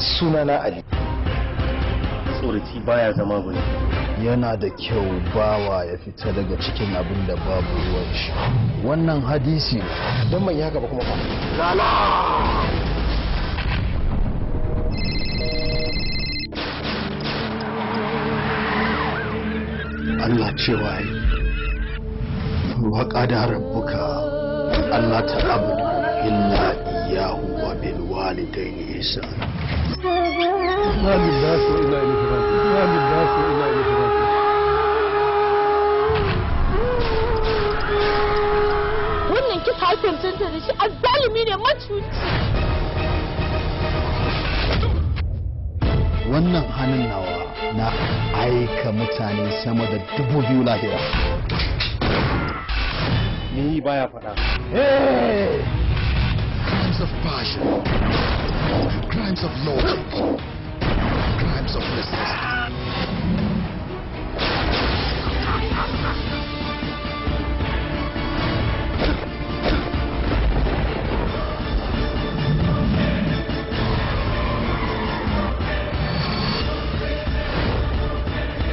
sunana ali tsoraci baya zama gudu. yana da kyau bawa ya fita daga cikin abin da babu ruwan shi wannan hadisi don man haka gaba kuma ba lala Allah cewa yi waka da harabuka Allah ta abu illa iyahu wa bilu بالوالدين إحسانا ما بالله وإلا wannan kisa ya cancanta da shi azzalimi ne macuci wannan hannun nawa na aika mutane sama da dubu biyu lahira ni baya faɗa crimes of passion, crimes of loyalty, crimes of necessity.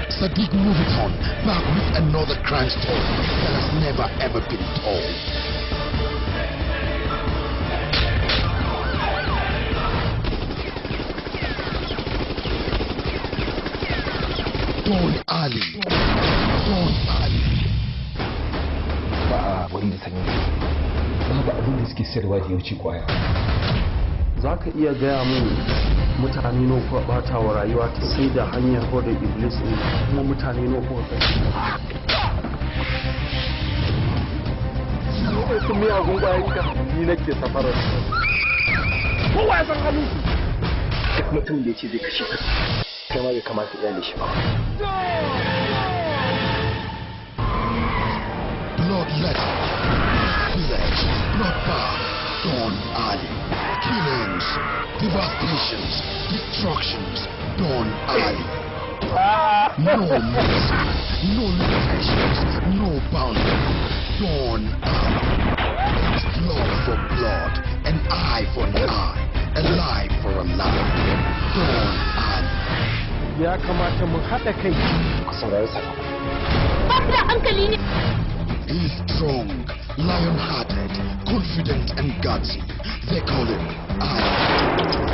Sadiq Moviton back with another crime story that has never ever been told. malami ba a wurin da sanyi babu abin da suke sayarwa da yauci kwaya za ka iya gaya mun mutane no kuwa bata wa rayuwa ta sai da hanyar hoda iblis ne kuma mutane no kuwa kai sun miyagun ƙwayoyin ka ni nake safarar kowa ya san halin su duk mutum da ya ce zai kashe ka kai bai kamata iyali shi ba bloodlet blood, bloodbath Dawn Ali killings devastations destructions Dawn Ali no mercy no limitations no boundaries Dawn Ali blood for blood an eye for an eye a lie for a lie Don Ali ya kamata mu kai hankali ne He's strong, lion-hearted, confident and gutsy. They call him Iron.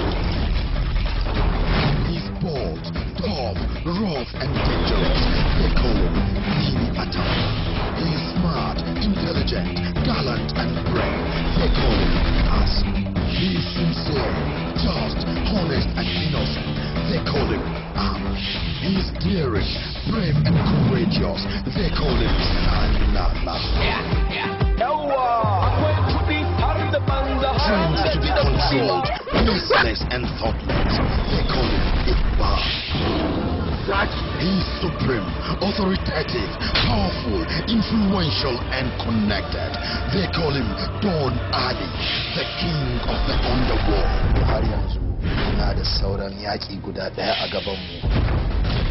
He's bold, tough, rough and dangerous. They call him King He He's smart, intelligent, gallant and brave. They call him He He's sincere, just, honest and innocent. They call him Amma. He's daring, brave and courageous. They call him uh, Anama. Trained to be controlled, useless and thoughtless. They call him Iqbal. He's supreme, authoritative, powerful, influential, and connected. They call him Don Ali, the king of the underworld. muna da sauran yaƙi guda ɗaya a gabanmu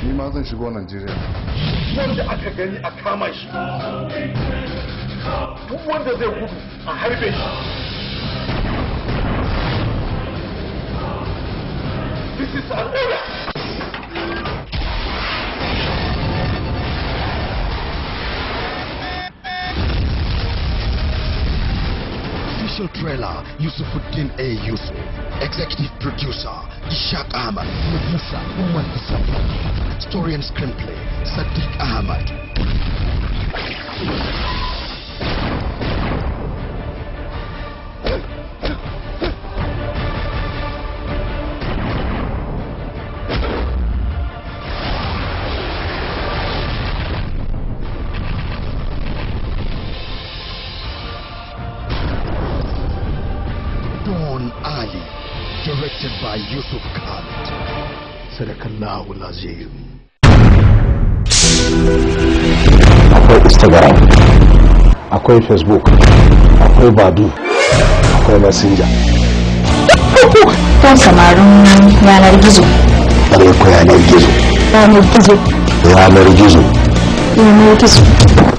ni ma zan shigo najeriya wanda aka gani a kama shi duk wanda zai gudu a harbe shi This is an order! Official trailer, Yusufuddin A. Yusuf. Executive producer, Ishak Ahmad. Producer, Umar Isabel. Story and screenplay, Sadiq Ahmad. Ali, directed by Yusuf Khan. Sadakallahu Lazim. Akwai Instagram, akwai Facebook, akwai Badu, akwai Messenger. Kan samarin yanar gizo. Ɗan yanar gizo. Yanar gizo. Yanar gizo. Yanar gizo.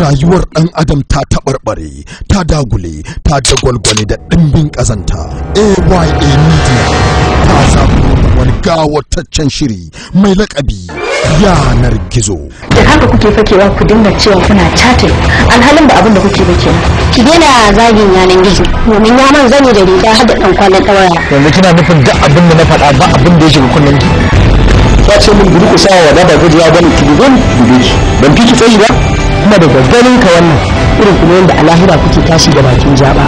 rayuwar ɗan adam ta taɓarɓare ta dagule ta dagwalgwale da ɗimbin ƙazanta aya media ta zaɓi wani gawataccen shiri mai laƙabi yanar gizo da haka kuke fakewa ku dinga cewa kuna chatting alhalin ba abin da kuke ba kenan ki daina zagin yanar gizo domin ya man zani da riga har da ɗan kwanan ɗawaya yanzu kina nufin duk abin da na faɗa ba abin da ya shiga kullum ki ta ce min gudu ku sa wa da ba gudu ya bani ki gudu ban fiki tsayi ba kuma daga ganin ka wannan irin kuma yadda alahira kuke tashi da bakin jaba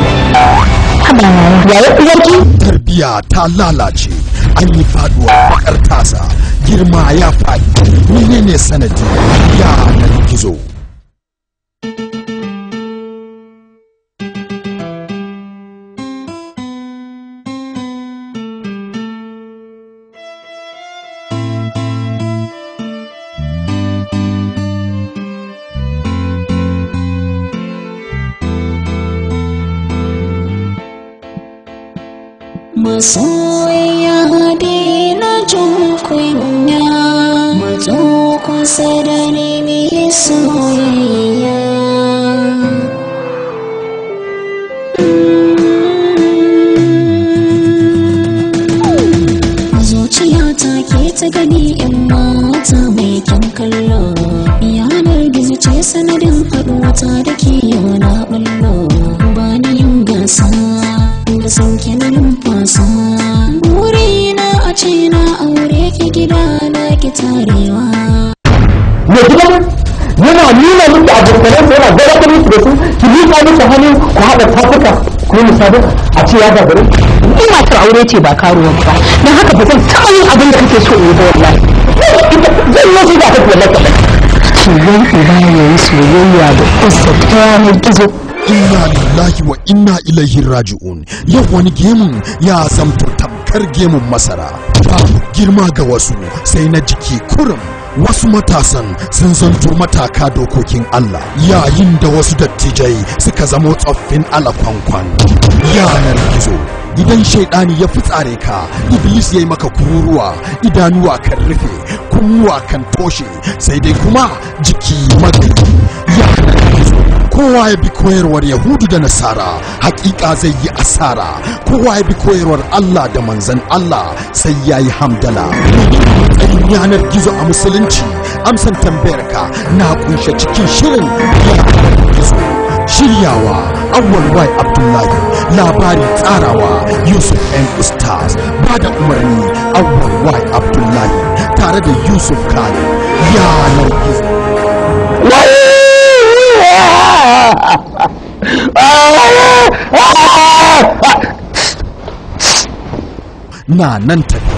Yaya uwarki ta lalace an yi faduwa bakar tasa girma ya faɗi menene sanadi ya na gizo ya gagaru ni matar aure ce ba karuwa ba don haka ba zan taɓa yin abin da kake so in yi ba wallahi zan yi wasu da kake wallahi kaɗan shirin ba ya yi soyayya da kusa ta yanar gizo inna lillahi wa inna ilaihi raji'un yau wani gemun ya zamto tamkar gemun masara ta girma ga wasu sai na jiki kurum wasu matasan sun zanto mataka dokokin Allah yayin da wasu dattijai suka zamo tsoffin alakwankwan yanar gizo gidan shaidani ya fi tsare ka iblis ya yi maka kururuwa idanuwa kan rufe kunnuwa kan toshe sai dai kuma jiki magani yanar gizo kowa ya bi koyarwar yahudu da nasara hakika zai yi asara kowa ya bi koyarwar allah da manzan allah sai ya yi hamdala yanar gizo a musulunci amsan tambayarka na kunshe cikin shirin yanar shiryawa awon y abdullahi labari tsarawa yusuf n stars ba da umarni awon y abdullahi tare da yusuf kari ya gizo. na nan tafiya.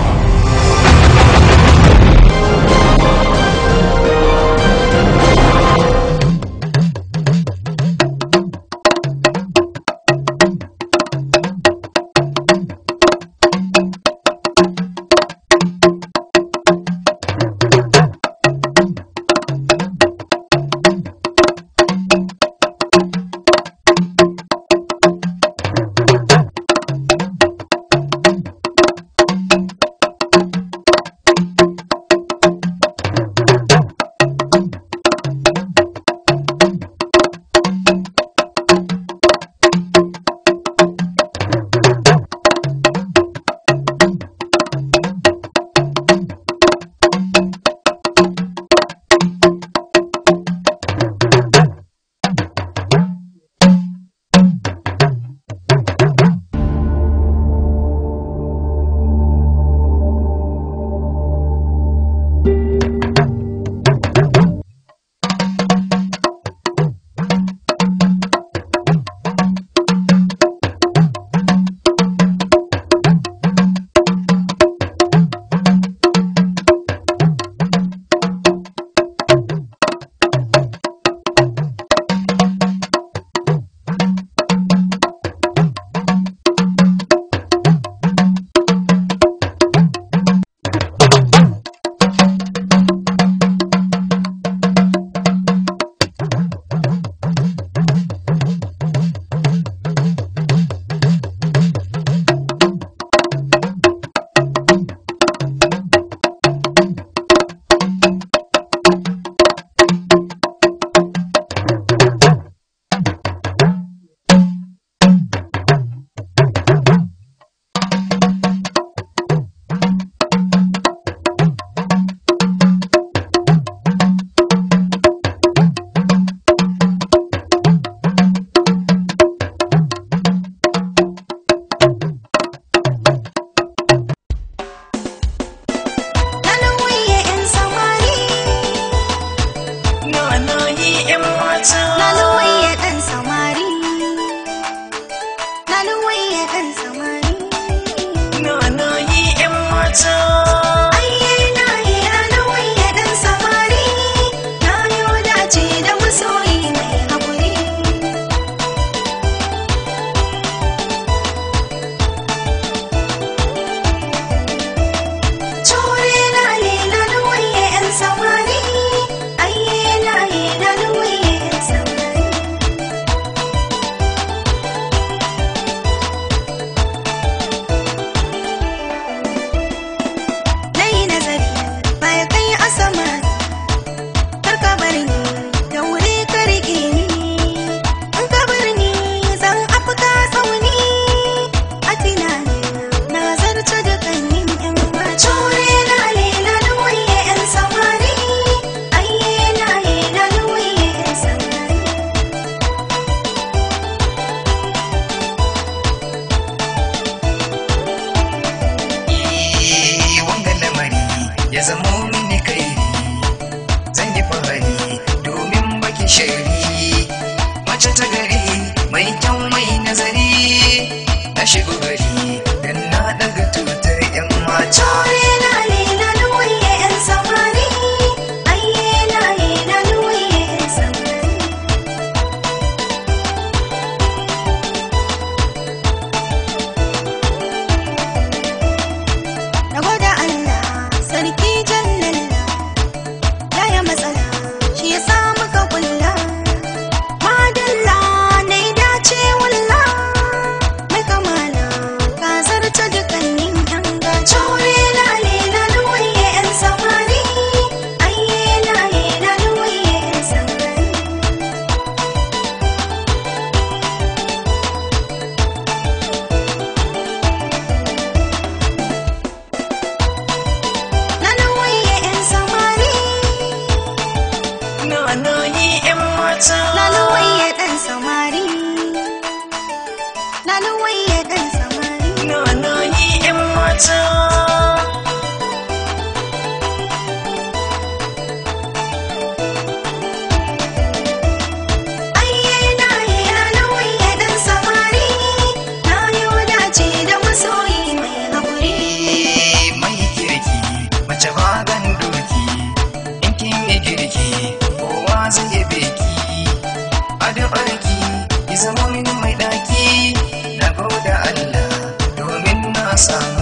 ɗaki na da Allah domin na samu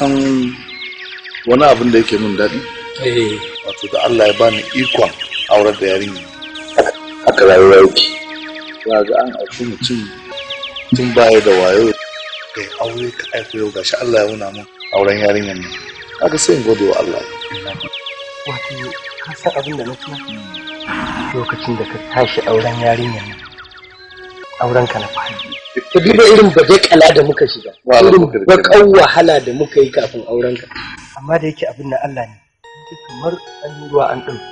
san wani abin da yake min daɗi eh. wato da Allah ya bani ikon aure da yarinya haka rayuwa yake Ya ga an aiki mutum tun baya da wayo da aure ka aiko yau gashi Allah ya wuna mun auren yarin nan Aka sai in gode wa Allah wato ka san abin da na lokacin da ka tashi auren yarin nan auren ka na ka duba irin bajakala da muka shiga irin bakan wahala da muka yi kafin auren ka amma da yake abin na Allah ne kamar an yi ruwa an ɗauki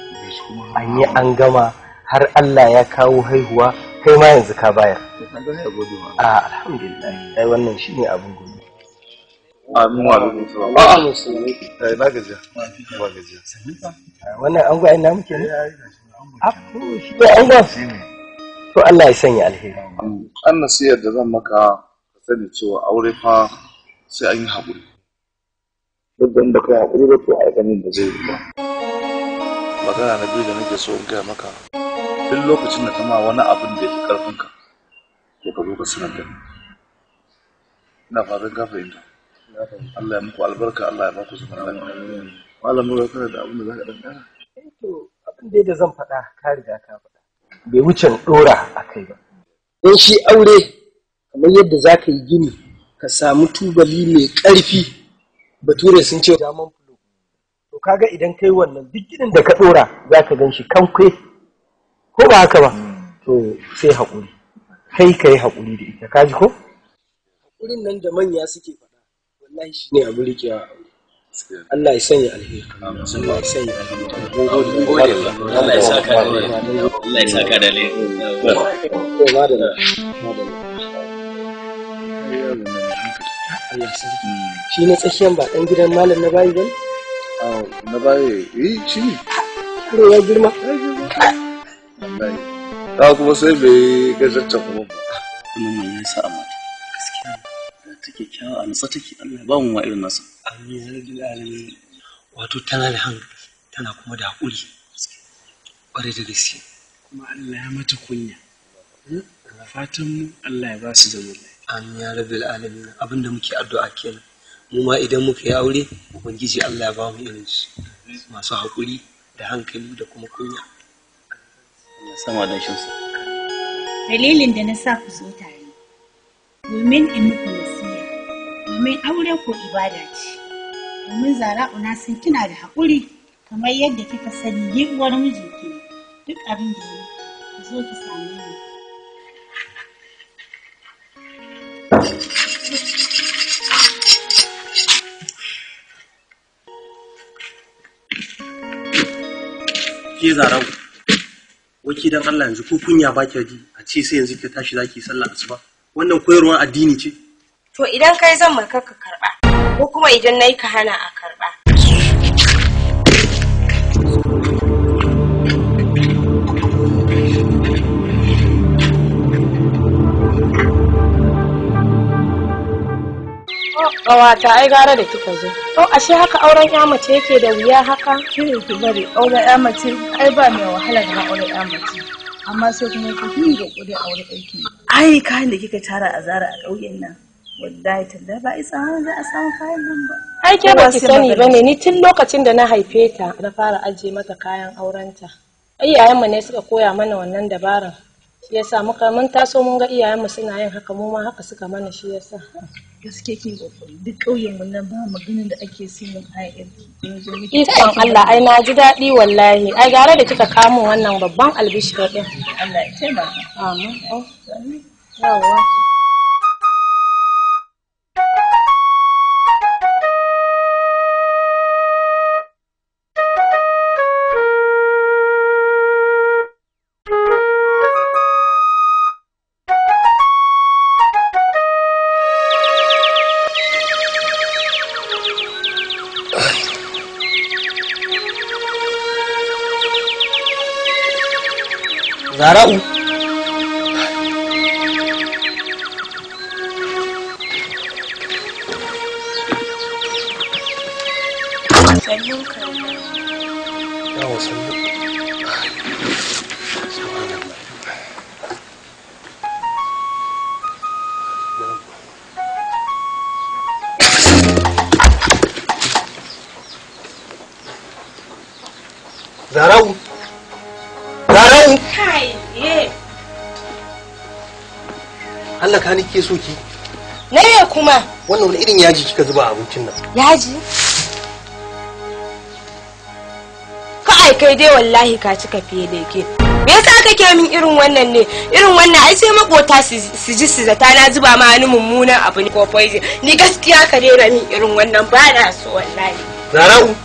an yi an gama har Allah ya kawo haihuwa kai ma yanzu ka bayar a alhamdulillah ai wannan shine abin gobe amin wa alaikum salam a musulmi ai na gajiya ba gajiya wannan an gwa ina muke ne a shi an ga to Allah ya sanya alheri an nasiyar da zan maka ka sani cewa aure fa sai an yi haƙuri duk da inda kai haƙuri ba to a ganin da zai yi ba magana na biyu da nake so in gaya maka duk lokacin da kama wani abin da ya fi ƙarfinka to ka zo ka sanar da ina fatan ka fahimta Allah ya muku albarka Allah ya baku zaman lafiya malam mu kana da abin da za ka dan kara eh to abin da zan faɗa ka riga ka faɗa bai wuce ɗora a kai ba don shi aure kamar yadda za ka yi gini ka samu tubali mai ƙarfi bature sun ce daman fulo to kaga idan kai wannan duk ginin da ka ɗora za ka gan shi kankwe ko ba haka ba to sai haƙuri kai ka yi haƙuri da ita kaji ko haƙurin nan da manya suke faɗa wallahi shi ne abu riƙewa aure Allah ya sanya alheri. Allah ya sanya alheri. Allah ya da Allah ya Shi tsakiyan ba ɗan gidan malam na bayi Na bayi, eh, shi ne. Kuro ya girma. Ta kuma sai bai gajarta kuma ba. Kuma mata. take kyawa a take Allah ba mu irin amin ya rabbil alamin wato tana da hankali tana kuma da hakuri kwarai da gaske kuma Allah ya mata kunya hmm? a fatan mu Allah ya ba su zaman amin ya rabbil alamin abinda muke addu'a kenan mu ma idan muka yi aure ubangiji Allah ya ba mu irin su masu hakuri da hankali da kuma kunya sama da shi dalilin da na sa ku zo tare domin in muku domin aure ko ibada ce domin zarauna na san kina da haƙuri kamar yadda kika sani yi uwar mijinki duk abin da ya ki zo ki same ni ke zara'u waki dan Allah yanzu ko kunya ba ki a ce sai yanzu ki tashi za zaki sallah asuba wannan koyarwar addini ce to idan kai zan maka ka karba ko kuma idan nayi ka hana a karba oh, Ƙawata ai gara da kika zo. To oh, ashe haka auren ya mace yake da wuya haka? Ki ki bari auren ya mace ai ba mai wahala da auren ya mace. Amma sai kuma ku yi da aure aiki. Ai kayan da kika tara azara a ƙauyen nan. wallahi talla ba isa har za a samu nan ba ai ke ba ki sani ni tun lokacin da na haife ta na fara ajiye mata kayan aurenta iyayenmu ne suka koya mana wannan dabaran shi yasa muka mun taso mun ga iyayenmu suna yin haka mu ma haka suka mana shi yasa gaske ke duk ƙauyen mu nan ba maganin da ake ikon Allah ai na ji daɗi wallahi ai gara da kika kamo wannan babban albishir ɗin. Allah ya taimaka amin wani irin yaji kika zuba abincin nan yaji ka ai kai dai wallahi ka cika fiye da ke me yasa kake min irin wannan ne irin wannan ai sai makota su ji su zata na zuba ma wani mummunan abu ne ko poison ni gaskiya ka daina min irin wannan ba na so wallahi zara'u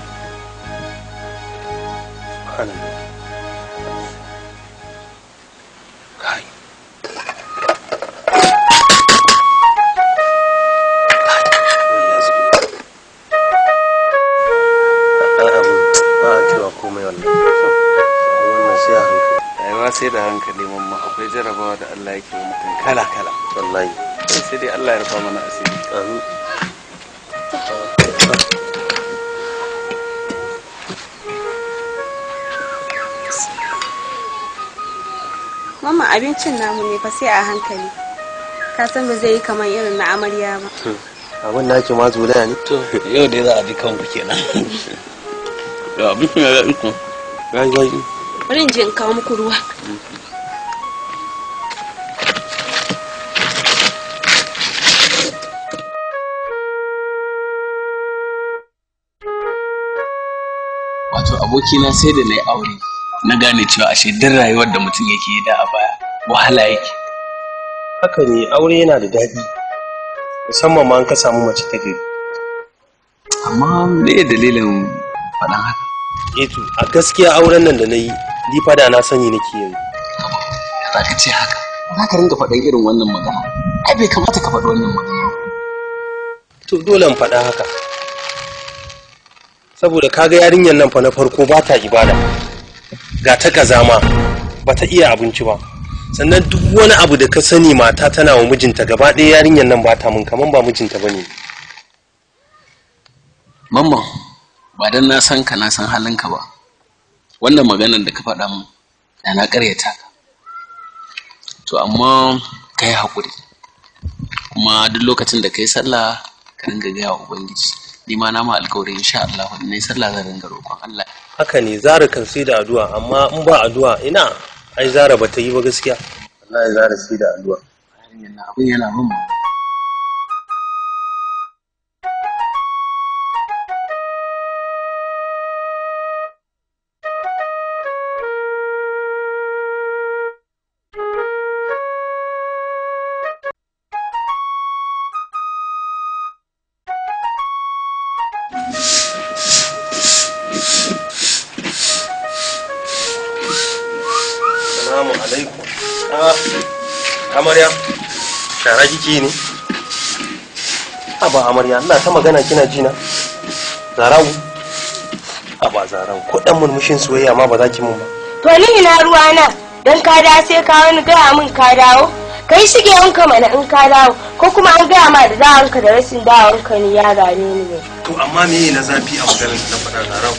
ne eh, fa sai a hankali ka san ba zai yi kamar irin na amarya ba abin da ake mazu da ne to yau dai za a ji kanku kenan ya abin shi ya iko yayi bari in je in kawo muku ruwa wato abokina sai da na yi aure na gane cewa ashe duk rayuwar da mutum yake yi da a baya wahala yake haka ne aure yana da daɗi musamman ma an ka samu mace ta gari amma me dalilin faɗan haka eto eh a gaskiya auren nan da na yi ni fada na sani nake yanzu ba ka ce haka ba ka ringa faɗan irin wannan magana ai bai kamata ka faɗi wannan magana to dole in faɗa haka saboda kaga yarinyar nan fa na farko ba ta ibada ga ta kazama ba ta iya abinci ba sannan duk wani abu da ka sani mata tana wa mijinta gaba ɗaya yarinyar nan ba ta mun kaman ba mijinta ba ne mamma ba don na san ka na san halinka ba wannan maganar da ka faɗa mun da na ƙaryata ka to amma ka yi haƙuri kuma duk lokacin da ka yi sallah ka ringa gaya wa ubangiji ni ma na ma alƙawari insha Allah na yi sallah zan ringa roƙon Allah haka ne zara kan sai da addu'a amma in ba addu'a ina ai zara ba ta yi ba gaskiya wallahi zara sai da alluwa. abin yana bin ji ne aba amarya Allah ta magana kina ji na zarau aba zarau ko dan murmushin soyayya ma ba za ki mun ba to ni ina ruwa na dan ka da sai ka wani ga min ka dawo kai shige ka mana in ka dawo ko kuma an gaya ma da dawanka da rashin dawanka ne ya gane ni ne to amma me ne na zafi a maganar da fada zarau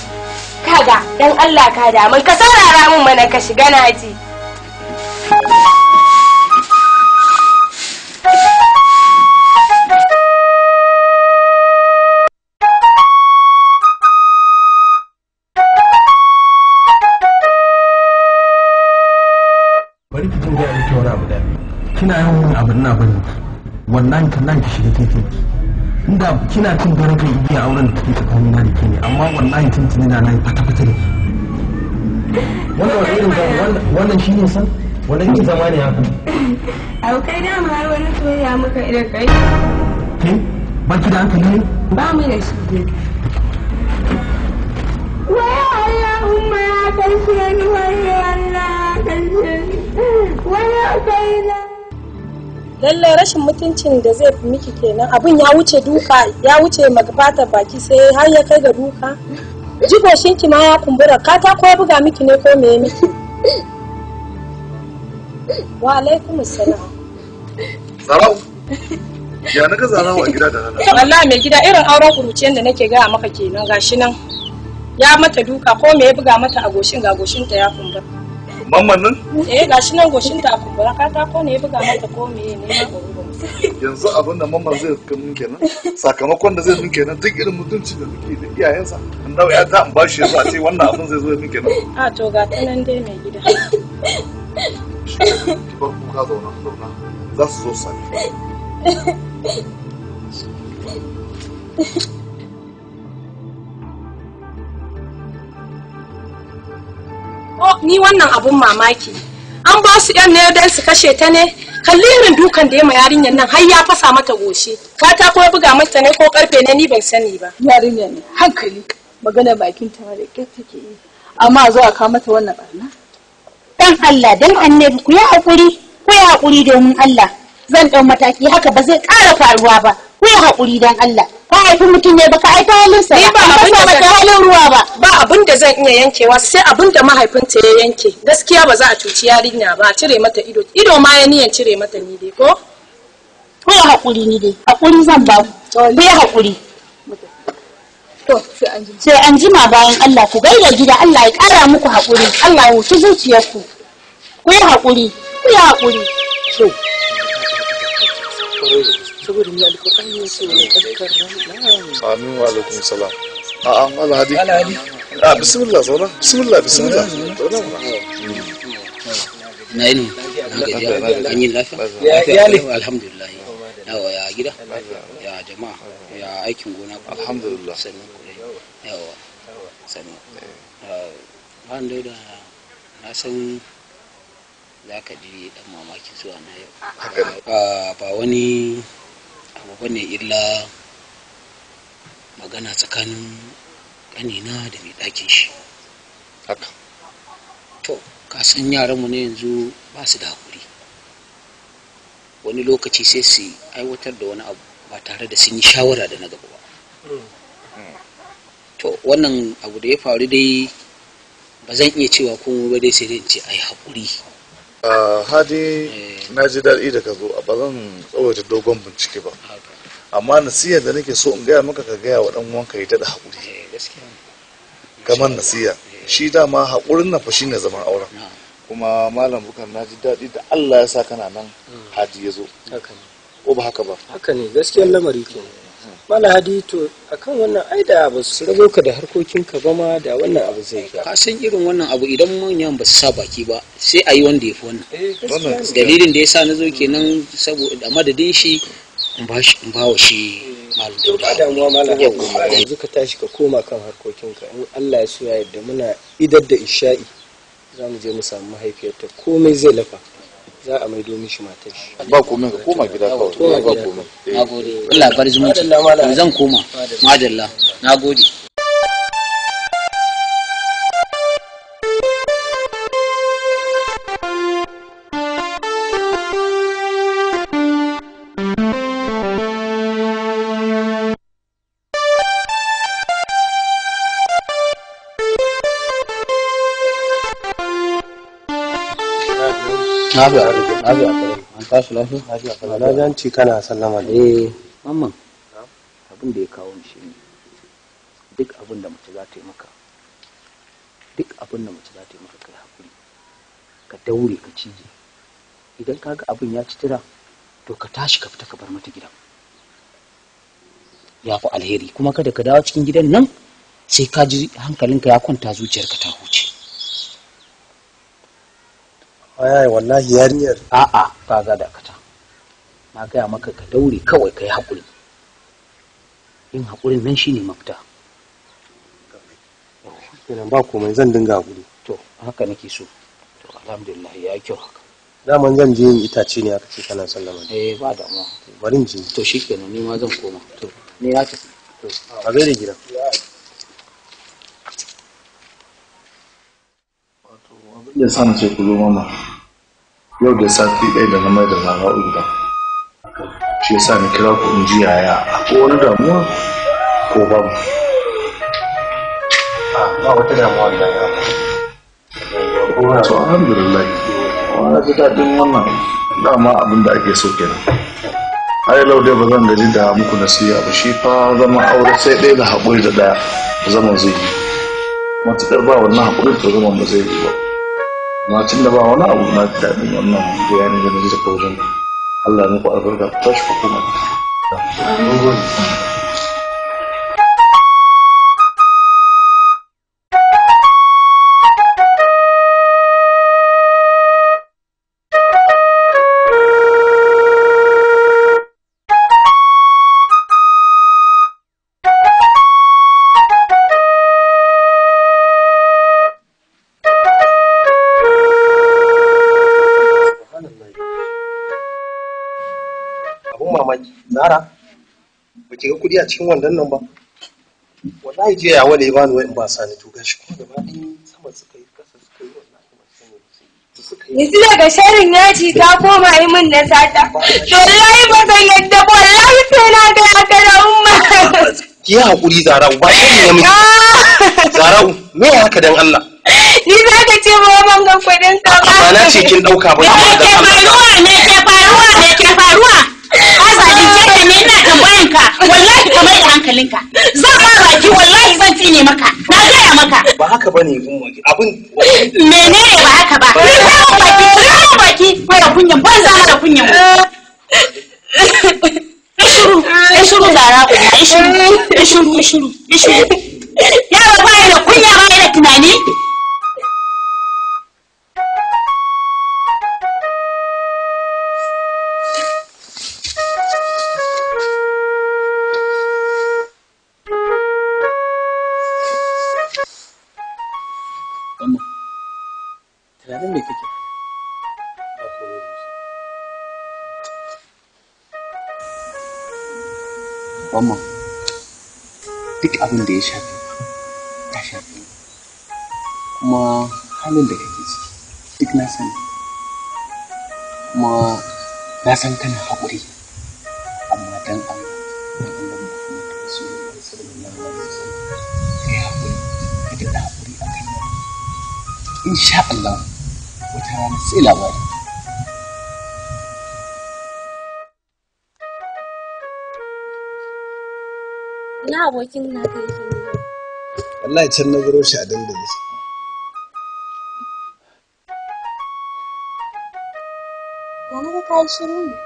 kaga dan Allah ka da mun ka saurara mun mana ka shiga naji abin na bane wannan kan nan ki shiga keke inda kina cin garin kai biya auren wurin da take tsakanin na da ke ne amma wallahi tun tuni na nan fata fata ne wannan wani irin wannan shi ne san wannan irin zama ne haka a kai da ma har wani ya muka irin kai ke ba ki da hankali ne ba mu da shi ne waya Allahumma ya kashe ni waya Allah kashe ni waya na. lallai rashin mutuncin da zai fi miki kenan abin ya wuce duka ya wuce magabatar baki sai har ya kai ga duka jigoshin ki ma ya kumbura katako ya buga miki ne ko me miki wa alaikum assalam zarau ya na ga zarau a gida da nan wallahi mai gida irin auren kuruciyar da nake gaya maka kenan gashi nan ya mata duka ko me ya buga mata a goshin ga goshin ta ya kumbura Mamman nan? Eh gashi nan goshin ta kumbura katako ne ya buga mata ko meye ne ma Yanzu abin da mamman zai kan mun kenan sakamakon da zai mun kenan duk irin mutunci da muke da iyayensa an dawo ya ta ba shi yanzu a ce wannan abin zai zo ya mun kenan. A to ga ta nan dai mai gida. Ki bar kuka zauna zauna za su zo sami. Oh, ni wannan abun mamaki. An ba su yan ne dan su kashe ta ne? Kalli irin dukan da ya ma yarinyar nan har ya fasa mata goshi. ta buga mata ne ko karfe ne ni ban sani ba. Yarinyar ne hankali magana bakin ta da ƙyar take yi. Amma zo a kawo mata wannan barna. Dan Allah dan annabi ku yi haƙuri ku yi haƙuri domin Allah. zan ɗau mataki haka ba zai ƙara faruwa ba ku yi haƙuri don Allah ka haifi mutum ne baka halin sa ba ba ba da halin ruwa ba ba abin da zan iya yankewa sai abin da mahaifinta ya yanke gaskiya ba za a cuci yarinya ba a cire mata ido ido ma ya niyan cire mata ni dai ko ku yi haƙuri ni dai haƙuri zan ba ku ku yi haƙuri to sai an jima bayan Allah ku gaida gida Allah ya ƙara muku haƙuri Allah ya wuce zuciyarku ku yi haƙuri ku yi haƙuri to faru saboda ni amin wa alaikum salam a alhadi a ah, bismillah zauna bismillah bismillah na yi an yi lafiya ya ne alhamdulillah yawa ya gida ya jama'a ya aikin gona ku alhamdulillah sannan ku yawa sannan ah, ba da na san za ka ji dan mamakin zuwa na yau ah. ba wani abu bane illa magana tsakanin kanina da mai ɗakin shi haka to kasan yaranmu na yanzu ba su da hakuri wani lokaci sai su aiwatar da wani abu ba tare da sun yi shawara da na gaba ba hmm. to wannan abu da ya faru dai ba zan iya cewa komai ba dai sai dai ce ai haƙuri hadi na ji daɗi da ka zo bazan zan tsawaita dogon bincike ba amma nasiyar da nake so in gaya maka ka gaya wa ɗan wanka ya daɗa haƙuri eh, kamar nasiya shi dama haƙurin na fashi shi ne zaman auren kuma malam bukan na ji daɗi da allah ya sa kana nan hmm. hadi ya zo ko ba haka ba haka ne gaskiyar lamari kenan malahadi to akan wannan ai da ba su rago ka da harkokinka ba ma da wannan abu zai ga ka san irin wannan abu idan manyan ba su sa baki ba sai a yi wanda ya fi wannan eh, dalilin da ya sa na zo kenan saboda madadin shi in ba wa shi malam yanzu ka tashi ka koma kan harkokinka in Allah ya so yadda muna idar da isha'i za mu je mu samu mahaifiyarta komai zai lafa za a maido mishi matar shi ba komai ka koma gida kawai ba komai na gode eh. Allah bar zumunci zan koma madalla na gode na biya kana sallama da eh. mamman abin da ya kawo ni shi ne duk abin da mace za ta yi maka duk abin da mace za ta yi maka kai haƙuri, ka daure ka cije idan ka ga abin ya ci tira to ka tashi ka fita ka bar mata gidan ya fi alheri kuma kada ka dawo cikin gidan nan sai ka ji hankalinka ya kwanta zuciyarka ta huce Ayaye wallahi yarinyar. A'a ka ga da kata. Na gaya maka ka daure kawai ka yi haƙuri. Yin haƙurin nan shi ne mafita. Kenan ba komai zan dinga haƙuri. To haka nake so. To alhamdulillah ya kyau haka. zaman zan je yin itace ne aka ce kana sallama. Eh ba damuwa. Bari in ji. To shikenan ni ma zan koma. To ne ya tafi. To a gaida gidan Iya sa ce ku zo mama yau da safi ɗaya da na mai da zara uku shi ya sa ni kira ku in ji yaya akwai wani damuwa ko mu. Ah, ba wata damuwa da ya to alhamdulillah wani ji daɗin wannan dama abin da ake so kenan ai lau dai ba zan gani da muku nasiya ba shi fa zama aure sai ɗaya da haƙuri da ɗaya zama zai yi matuƙar ba wannan haƙuri da zaman ba zai yi ba amma da ba wani abu na daɗin wannan bayanin da na ji wajen Allah ne ku albarka ku tashi ku kuma. tsirara ba ki ga kuɗi a cikin wannan nan ba wallahi jiya ya wale ba ni wai in ba sani to gashi kuma gaba ɗin sama suka yi ƙasa suka yi wallahi ba sani yanzu daga sharin yaji ta koma yi min na sata to wallahi ba zan yadda ba wallahi sai na ga ya kada umma ki hakuri zarau ba shi ne miki zarau me haka dan Allah ni za ka ce ba ban ga kuɗin ka ba na ce kin dauka ba ni ga Allah bincike ka ne ina tambayan ka wallahi ka mai da hankalinka zan ba baki wallahi zan tsine maka na gaya maka ba haka bane umma abin menene ba haka ba ka baki ka baki mara kunyan ban za mara kunyan Ishuru, ishuru gara ishuru, ishuru, ishuru, ishuru. Yaro ba da kunya ba da tunani, abin ya shafi ya shafi kuma halin da kake ciki duk na sani kuma na san kana haƙuri amma dan Allah dan Allah Muhammad wata rana sai labari Ina abokin na kai shi ne. Wallahi can na biro shi a dandali. Ya na ka yi shiru ne.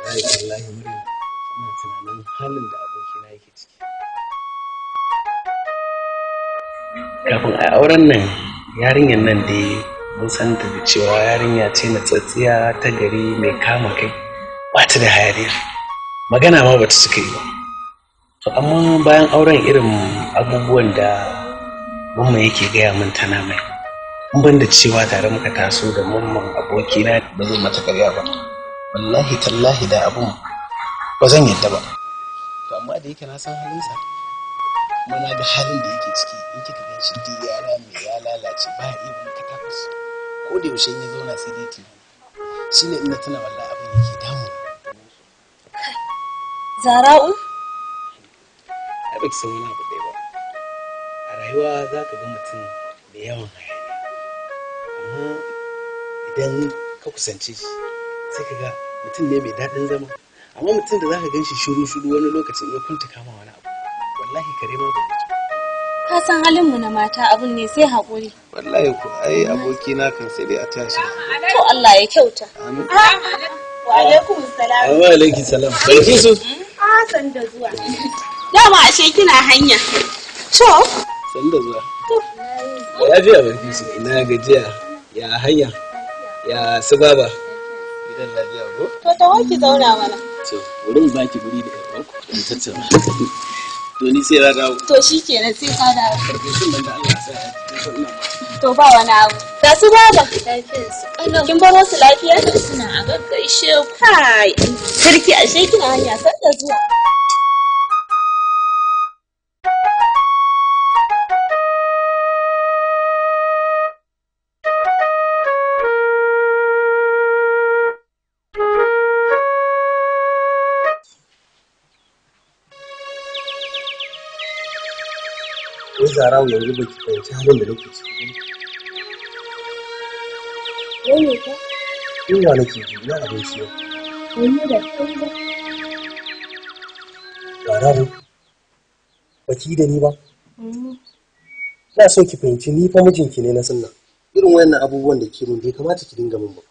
Wallahi wallahi Maryam ina tunanin halin da abokina yake ciki. Kafin a auren nan yarinyar nan da ya yi. mun san da cewa yarinya ce na tsatsiya ta gari mai kama kai ba ta da hayaniya magana ma bata cika yi ba to amma bayan auren irin abubuwan da mamma yake gaya min tana mai in ban da cewa tare muka taso da mamman abokina da zai mata karya ba wallahi tallahi da abun ba zan yadda ba to amma da yake na san halinsa sa? na ga halin da yake ciki in kika shi duk yara mai ya lalace ba irin ofis ko da yaushe ya zauna sai dai tuni shine ina tuna wallahi abin ke damu zara'u a baki san wani abu ɗaya ba a rayuwa za ka ga mutum da yawan hayaniya amma idan ka kusance shi sai ka ga mutum ne mai daɗin zama amma mutum da za ka gan shi shiru shiru wani lokacin ya kunta kama wani abu wallahi kare ma ba ka san halin mu na mata abun ne sai haƙuri wallahi ku ai aboki na kan sai dai a tashi to Allah ya kyauta wa alaikum salam wa alaikum salam barki a san da zuwa dama ashe kina hanya to san da zuwa to lafiya barki su ina gajiya ya hanya ya su baba gidan lafiya ko to tawo ki zauna mana to wurin baki guri da karɓar ku tattauna to ni sai na dawo to shi kenan sai ka dawo karfashin nan da Allah sa to ba wani abu da su ba da lafiyarsu kin bar wasu lafiya suna a gaggaishe kai sarki ashe kina hanya sanda zuwa zarawo yanzu ba ki fahimci halin da nake ciki ba. Wai ne ka? Ina nake ji ina abinci yau. Wani da kai ba. Zarawo, ba ki da ni ba. Mm. Ina so ki fahimci ni fa mijinki ne na sunna. Irin wayannan abubuwan da ke min bai kamata ki dinga min ba.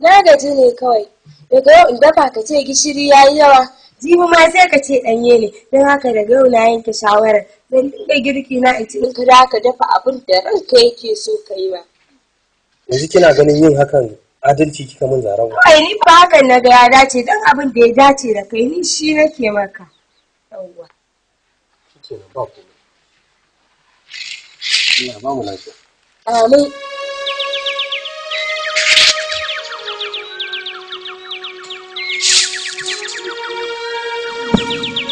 Na gaji ne kawai, daga yau in dafa ka ce gishiri ya yi yawa, jibi ma sai ka ce ɗanye ne don haka daga yau na yanke shawarar zan dinga girki na in ci in ka ka dafa abin da ranka yake so ka yi ba. yanzu kina ganin yin hakan adalci kika mun zarawa. ai ni ba hakan na ga ya dace don abin da ya dace da kai ni shi nake maka. yawwa. ba ku. Ina ba mu lafiya. Amin.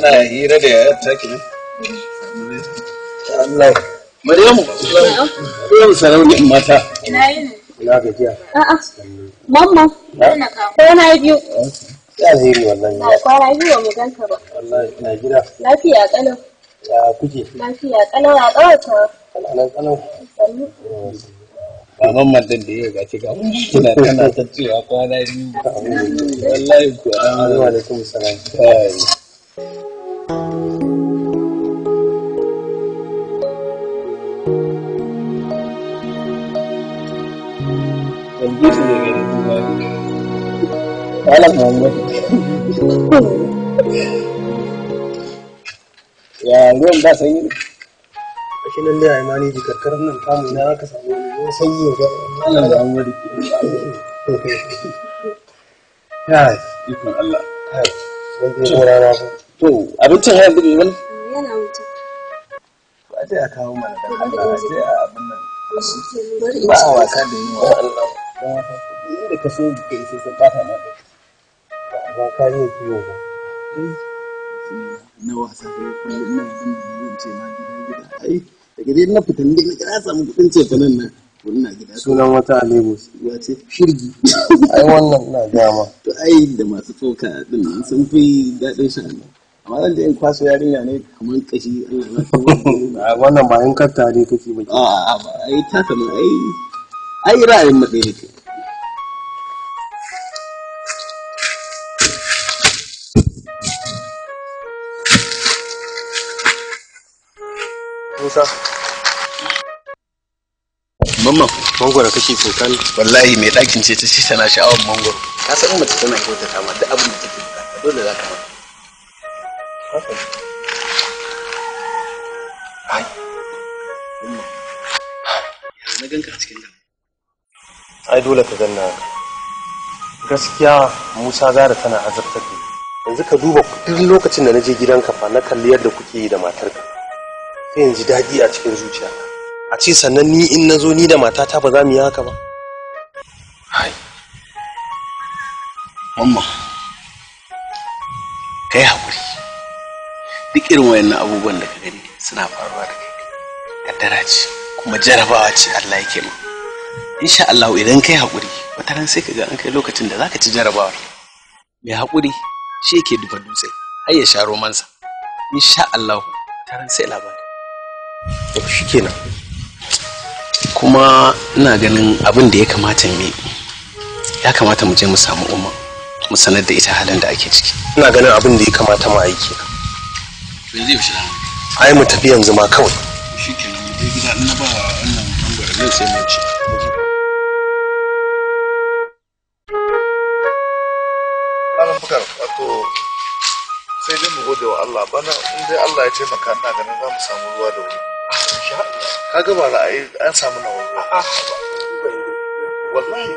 ana hira da yayar Allah Maryamu Maryamu sarauniyar mata ina yi ina gajiya a'a mamma kwana biyu ya alheri na kwana biyu ba mu ba wallahi ina gida lafiya kalau ya kuke lafiya kalau ya kawata kalau kalau sannu kaman matan da ya gaci ga kina tana ta cewa kwana biyu wallahi ko assalamu alaikum salam Ya ruwan ba sanyi ne. shi nan da ya mani ji karkarar nan kamun na aka samu wani sanyi ga Allah da ikon Allah ba to abincin wani yana wuce ba a kawo mana da Allah a abin nan ba a wasa da yi wa Allah sai sun ma ba ka yi kiwo ba eh, na wasa kullum na abin da ma gida gida ai daga dai na fitan da na samu kudin cefanen nan na wannan gida sunan wata a Ya ce shirgi ai wannan na dama to ai da masu foka din nan sun fi daɗin sha'ani amma zan da in kwaso yarinya ne kamar kashi Allah na ta wannan ba in katta ne kake baki a a ai ta kamar ai ai ra'ayin matsayi isa mamman mangoro kake kokal wallahi mai ɗakin ce ta ce tana sha'awar mangoro ka san mace tana kyautata ma duk abin da kake bukata dole za ka mata ai na ganka a cikin nan ai dole ka ganna gaskiya musa gara tana azabtar da yanzu ka duba duk lokacin da na je gidanka fa na kalli yadda kuke yi da matarka in ji daɗi a cikin zuciya a ce sannan ni in na zo ni da matata ba za mu yi haka ba hai mamma ka yi haƙuri duk irin wayannan abubuwan da ka gani suna faruwa da kai kaddara ce kuma jarabawa ce Allah yake mu insha Allah idan kai haƙuri wata ran sai ka ga an kai lokacin da ka ci jarabawar mai haƙuri shi yake duba dutse har ya sha romansa insha Allah wata ran sai labari shikenan kuma ina ganin abin da ya kamata mu ya kamata mu je mu samu umma mu sanar da ita halin da ake ciki ina ganin abin da ya kamata mu aiki yanzu ai mu tafi yanzu ma kawai shikenan mu je gida ba wannan zai sai mu ci gode wa Allah bana in dai Allah ya taimaka ina ganin za mu samu ruwa da wuri ka ga ba ra'ayi an samu na ruwa ah, wallahi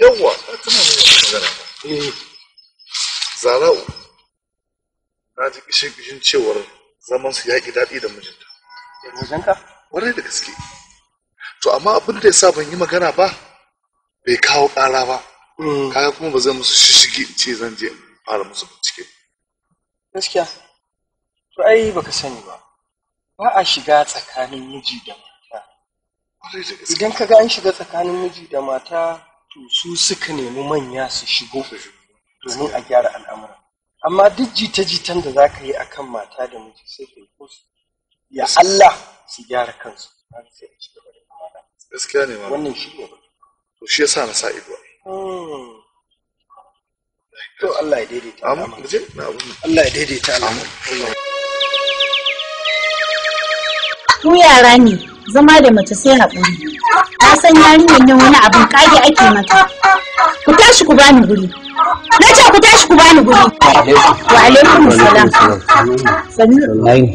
yawwa tana mai magana ba. Eh. zara'u na ji kishin cewar zaman su yaƙi daɗi da mijinta mijinta warai da gaske to amma abin da ya sa ban yi magana ba bai kawo ƙara ba Mm. Kaya kuma ba zai musu shishigi ce zan je fara musu bincike gaskiya to ai baka sani ba ba a shiga tsakanin miji da mata idan ka ga an shiga tsakanin miji da mata to su suka nemi manya su shigo domin a gyara al'amura. amma duk jita-jitan da za ka yi a kan mata da miji sai ka yi ya Allah su gyara kansu gaskiya ne ma wannan shi ne to shi yasa na sa ido to Allah ya daidaita Allah ya daidaita mu yara ne zama da mace sai haƙuri na san yarinyar nan wani abin kage ake mata ku tashi ku bani guri na ce ku tashi ku bani guri wa alaikum salam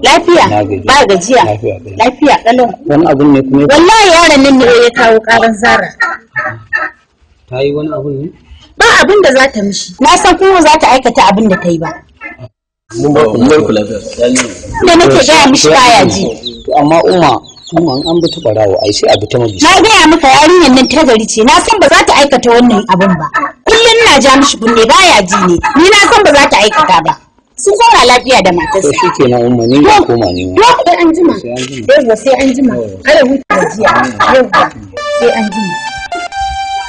lafiya ba gajiya lafiya kalau wani abun ne kuma wallahi yaran nan ne ya kawo karan zara ta yi wani abun ne ba abin da za ta mishi na san kuma za ta aikata abin da ta yi ba mun ba ku mun da nake gaya mishi baya ji amma umma kuma an bi ta barawo ai sai a bi ta mabi na gaya maka yarinyar nan ta gari ce na san ba za ta aikata wannan abin ba kullum na ja mishi kunne baya ji ne ni na san ba za ta aikata ba sun zauna lafiya da matarsa. To shi kenan umma ni ya koma ni. Yau sai an jima. Yau sai an jima. Ana huta da jiya. Yau sai an jima.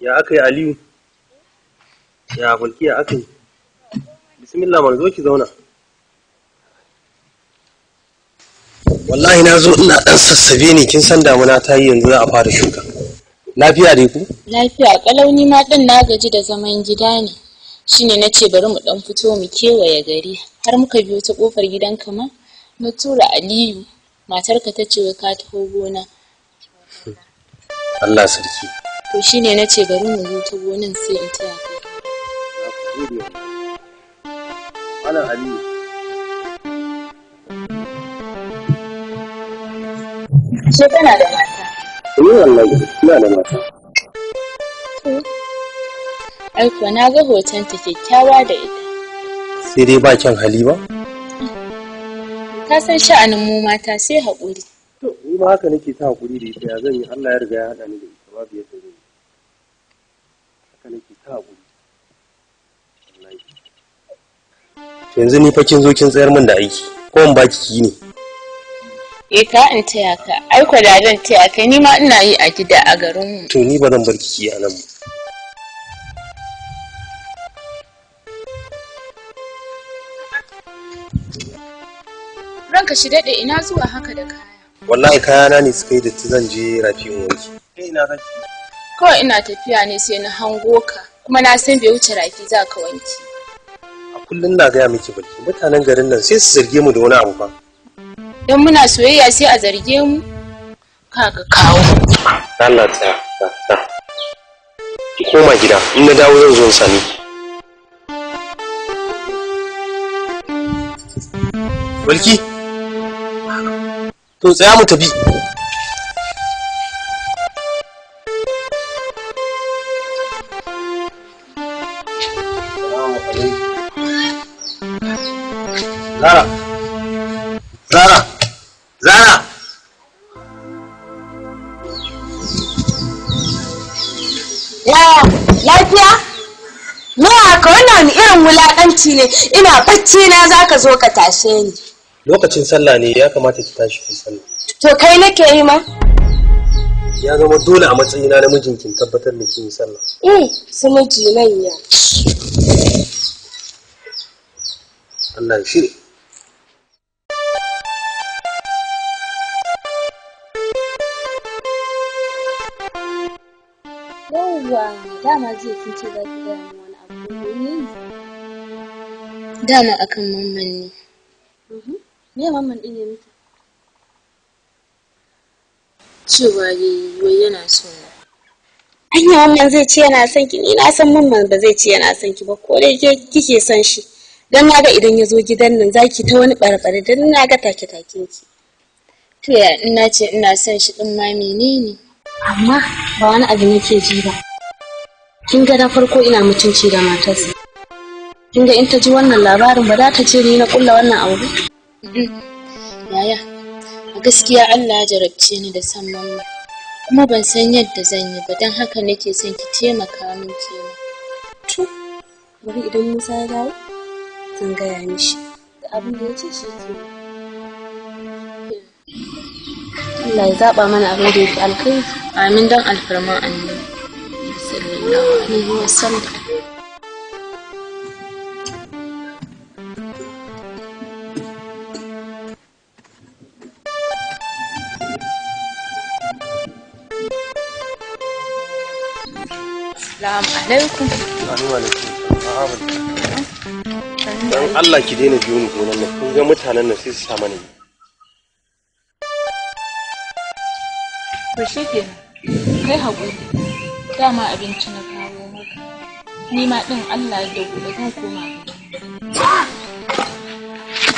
ya aka yi aliyu ya bulki ya aka yi bismillah man zo ki zauna wallahi na zo ina dan sassabe ne kin san damuna ta yi yanzu za a fara shuka lafiya dai ku lafiya kalauni ma din na gaji da zaman gida ne shine na ce bari mu dan fito mu kewaye gari har muka biyo ta kofar gidanka ma na tura aliyu matarka ta ce ka taho gona Allah sarki to shine na ce bari mu zo ta gonan sai in taya kai Malam Aliyu Shi kana da mata? Ni eh, wallahi ina da mata. Aiko na ga hoton ta kyakkyawa da ita. Sai dai ba kyan hali ba? Ka san sha'anin mu mata sai haƙuri. to ni ma haka nake ta hakuri da ita ya zan yi Allah ya riga ya haɗa ni da ita babu yadda zan yi haka nake ta hakuri yanzu ni fa kin zo kin tsayar min da aiki ko in baki ki ne eh ka in taya ka ai ko da zan taya ka ni ma ina yi a gida a garin mu to ni ba zan bar ki a nan ba ranka shi dade ina zuwa haka da kaya wallahi kayana ne suka yi da ta zan je rafi wanki kawai ina tafiya ne sai na hango ka kuma na san bai wuce rafi za ka wanki a kullum na gaya miki baki mutanen garin nan sai su zarge mu da wani abu fa dan muna soyayya sai a zarge mu kaga kawo Allah ta ki koma gida in na dawo zan zo Sani. sami Walki. to tsaya mu tafi Zara, Zara, Zara. Yawa, lafiya? Nawa ka wannan irin wulaƙanci ne, ina bacci na za ka zo ka tashe ni. lokacin sallah ne ya kamata ki tashi ki sallah to kai nake yi ma ya zama dole a matsayina na kin tabbatar da kin sallah eh su miji manya Allah ya shirya yawwa dama zai kin ce za wani abu ne dama akan mamman ne me mamman ɗin ya miki cewa ya yi wai yana son. anya wannan zai ce yana son ki ni na san mamman ba zai ce yana son ki ba ko dai kike son shi dan naga idan ya zo gidan nan zaki ta wani barbare dan naga take taken ki to ya ina ce ina son shi din ma menene amma ba wani abu nake ji ba kin ga na farko ina mutunci da matarsa kin ga in ta ji wannan labarin ba za ta ce ni na kulla wannan abu Mm. Yaya, a gaskiya Allah ya jarabce ni da san mamma, kuma ban san yadda zan yi ba don haka nake son ki taimaka min kenan. To, bari idan Musa ya dawo, zan gaya mishi da abin da ya ce shi ke. Allah ya zaba mana abin da yake alkai. Amin don alfarman annabi. Sallallahu alaihi wasallam. Salamu alaikum. Salamu alaikum. Dan Allah ki daina biyo ni gonan nan. Kun ga mutanen nan sai su sa mana. Ba shi kenan. Kai haƙuri. Dama abinci na kawo maka. Ni ma din Allah ya da gobe zan koma.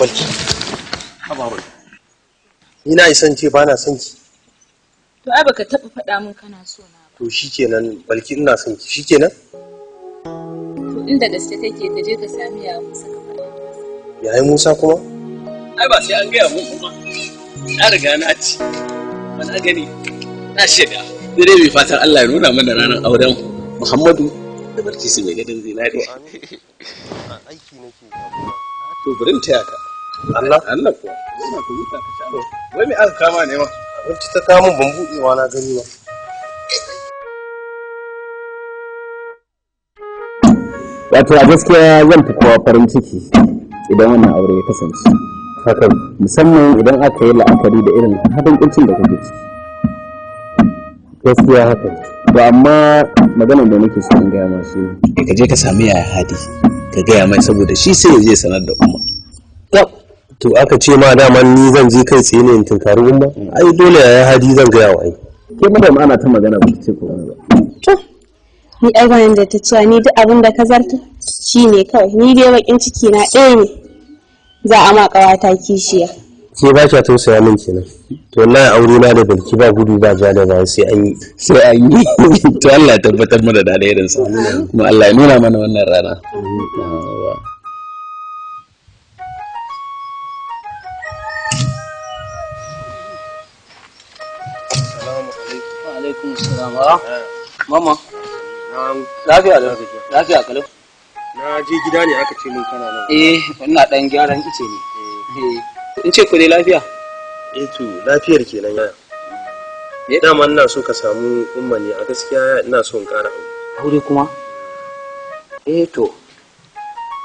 Balki. Haba Ni yi ce ba na son ki. To ai baka taɓa faɗa min kana so ne. to shi kenan balki ina son ki shikenan to inda gaske take ta je ka sami ya musa yayi musa kuma ai ba sai an gaya mu kuma na riga na ci na gani na shiga sai dai mai fatan Allah ya nuna mana ranar auren Muhammadu da Barkisu mai gadin zinari aiki nake to burin ta taya ka Allah Allah ko ina ku huta ka sha wai me aka kama ne ma wacce ta kama ban buɗewa na gani ba wato a gaskiya zan fi kowa farin ciki idan wannan aure ya kasance haka musamman idan aka yi la'akari da irin haɗin kuncin da kake ciki gaskiya haka to amma maganar da nake son gaya ma shi ne ka je ka sami yaya hadi ka gaya mai saboda shi sai ya je sanar da umma to aka ce ma dama ni zan je kai tsaye ne in tunkari umma ai dole yaya hadi zan gaya wa ai ke madam ana ta magana ba ce ko ba ni ai ban da ta cewa ni duk abin da ka zarta shi ne kawai ni dai bakin ciki na ɗaya ne za a ma ƙawata kishiya ke ba kya tausaya min kenan to wallahi aure na da bilki ba gudu ba ja da ba sai an yi sai an yi to Allah tabbatar mana da alherin sa kuma Allah ya nuna mana wannan rana Mama, Lafiya da lafiya kalau. Na je gida ne aka ce mun kana nan. Eh, ina dan gyaran ice ne. eh In ce ku dai lafiya? Eh to, lafiyar kenan ya. Me dama ina so ka samu umma ne a gaskiya ina so in kara aure. kuma? Eh to,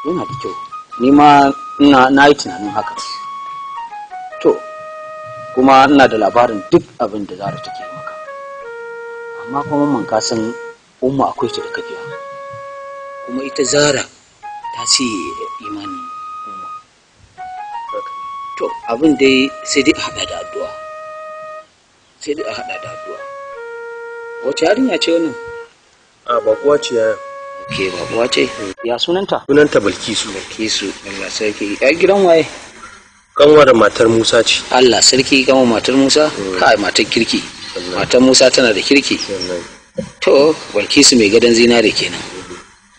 yana da kyau. Ni ma ina na yi tunanin haka. To, kuma ina da labarin duk abin da Zara take maka. Amma kuma mun ka san umma akwai ta da kafiya kuma ita zara ta ce imanin umma to abin dai sai dai a hada da addu'a sai dai a hada da addu'a wace yarinya ce wannan a bakuwa ce ya ke bakuwa ce ya sunanta sunanta bilkisu bilkisu Allah sarki ya gidan waye da matar Musa ce Allah sarki kanwa matar Musa mm. kai matar kirki matar Musa tana da kirki to balkisu mai gadon zinare kenan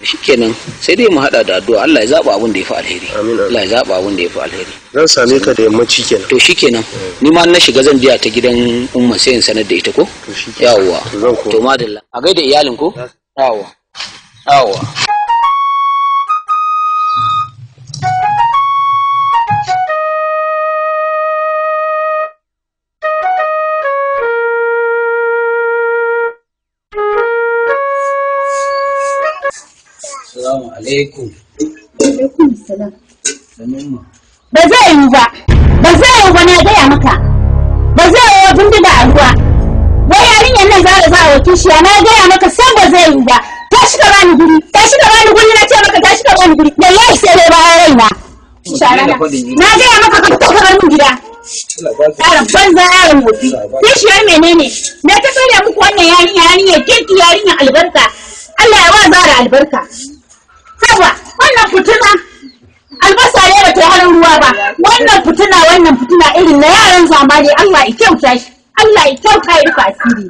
shi kenan sai dai mu hada da addu'a Allah ya zaba abin da ya fi alheri Allah ya zaba abin da yafi alheri zan same ka da yammaci kenan to shi kenan ni ma na shiga zan biya ta gidan umma sai in sanar da ita ko yawwa to madalla a gaida iyalin ko yawwa yawwa Ba zai yi ba. Ba zai yi ba na gaya maka. Ba zai yi wa bindiga a ruwa. Wai yarinyar nan za ta za a wakilciya na gaya maka sai ba zai yi ba. Ta shiga bani guri. Ta shiga bani guri na ce maka ta shiga bani guri. Wallahi sai dai bayan raina. Na gaya maka ka fito ka bar gida. Yaron banza yaron wofi. Kishiyar menene? Na ta sauya muku wannan yarinya yarinya kirki yarinya. ne Allah ya kyauta shi Allah ya kyauta ya rufa asiri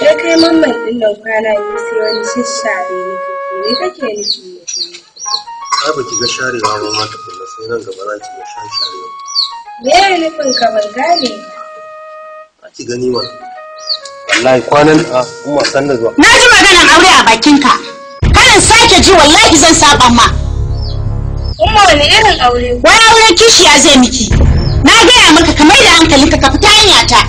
Ya kai mamman ɗin nan kwana sai wani shashare ne kake ne kake nufi ne. Ai ba ki ga sharewa ba ma kuma sai nan gaba za ki ga shan Me ya nufin ka ban gane ba? gani ma wallahi kwanan ah, a san da zuwa na ji maganan aure a bakinka kana sake ji wallahi zan saba ma wani irin aure wani aure kishiya zai miki na gaya maka 'Ka da hankalinka ka fita hanya ta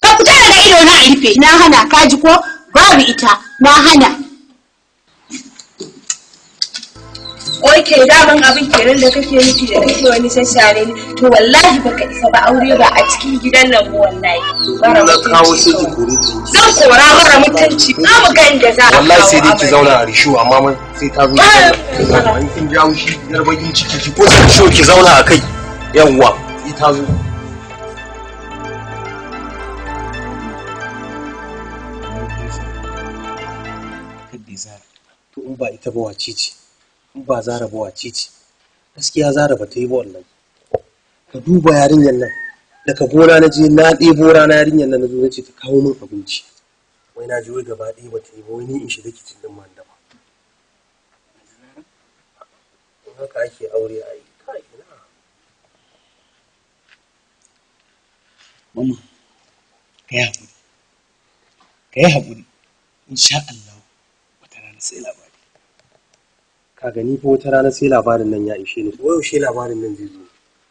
ka fita daga ido na a rufe na hana ka ji ko babu ita na hana Oke daman abin kenan da kake nufi da kake wani sassare ne to wallahi baka isa ba aure ba a cikin gidan nan mu wallahi mara mutunci zan kora mara mutunci na mu ga inda za a wallahi sai dai ki zauna a rishu amma mai sai ta zo in ah! kin jawo shi yar bakin ciki ki ko sai rishu ki zauna a kai yawwa ta zo to in ba ita ba wacece ba zara ba wace ce gaskiya zara ba ta yi ba ka duba yarinyar nan daga gona na je na ɗebo rana yarinyar nan na zo na ce ta kawo min abinci wai na ji wai gaba ɗaya ba ta yi ba wai ni in shiga kicin din man da ba in haka ake aure a yi kai na mama ka yi haƙuri ka yi haƙuri insha Allah wata rana sai labarai ka gani ko wata rana sai labarin nan ya ishe ni ko yaushe labarin nan zai zo